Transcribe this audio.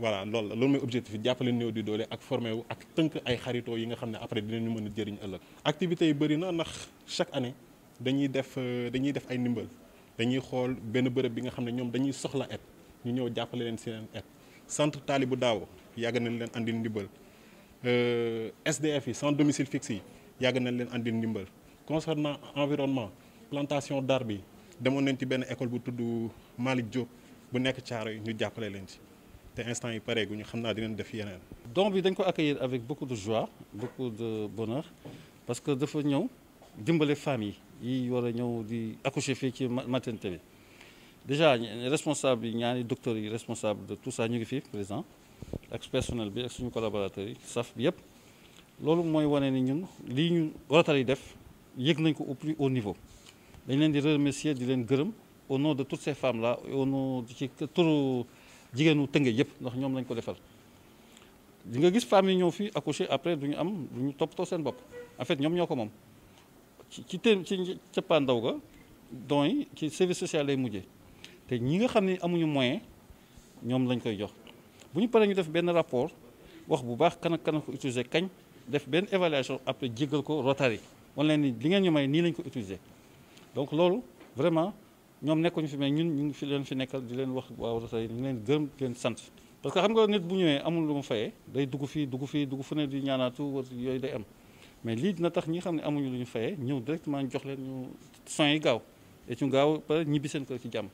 voilà loolu la loolu mooy objectif jappale jàppale néew di doole ak formé wu ak teunk ay xaritoo yi nga xamne après dinañu mën a jëriñ ëllëg activités yi bëri na ndax chaque année dañuy def euh, dañuy def ay ndimbal dañuy xool benn bërëb bi nga xamne ñom dañuy soxla et ñu ñew jappale leen seen et centre Talibou Daaw yàgg nañ leen andi euh SDF yi sans domicile fixe yi yàgg nañ leen andi ndimbal concernant environnement plantation d'arbres yi demoon nañ ci benn école bu tuddu Malick Diop bu nekk Thiaroye ñu jappale leen ci te instant yi pare gu ñu xam naa dinañ def yeneen. Donc, bi dañ ko accueillir avec beaucoup de joie beaucoup de bonheur parce que nous sommes dimbale famille yi yi war a ñëw di accoucher fii ci maternité déjà responsable yi ñaari docteurs yi responsable de tout ça ñu ngi fi présent personnel bi ak suñu collaborateurs yi saf bi yëpp loolu mooy wane ni ñun lii ñu nous yi def yëg nañ ko au plus haut niveau dañ leen di remercier di leen gërëm au nom de toutes ces femmes là au nom ci turu jigéenu Tëngéej yëpp ndax ñoom lañ ko defal di nga gis femmes yi ñëw fii accoucher après du am du ñu toppatoo seen bopp en fait ñoom ñoo ko moom ci ci te ci cëppaandaw ga don yi ci service social lay mujjee te ñi nga xam ne amuñu moyen ñoom lañ koy jox bu ñu paree ñu def benn rapport wax bu baax kan ak kan ko utiliser kañ def benn évaluation après jégal ko Rotary wan leen ni li ngeen ñu may nii lañ ko utiliser donc loolu vraiment ñoom nekkuñu fi mais ñun ñu ngi fi leen fi nekkal di leen wax waaw Rasulaay leen gërëm di leen sant parce que xam nga nit bu ñëwee amul lu mu fayee day dugg fii dugg fii dugg fu ne di ñaanaatu yooyu day am mais lii dina tax ñi xam ne amuñu lu ñu fayee ñëw directement jox leen ñu soins yi gaaw et ñu gaaw pare ñibbi seen kër ci jàmm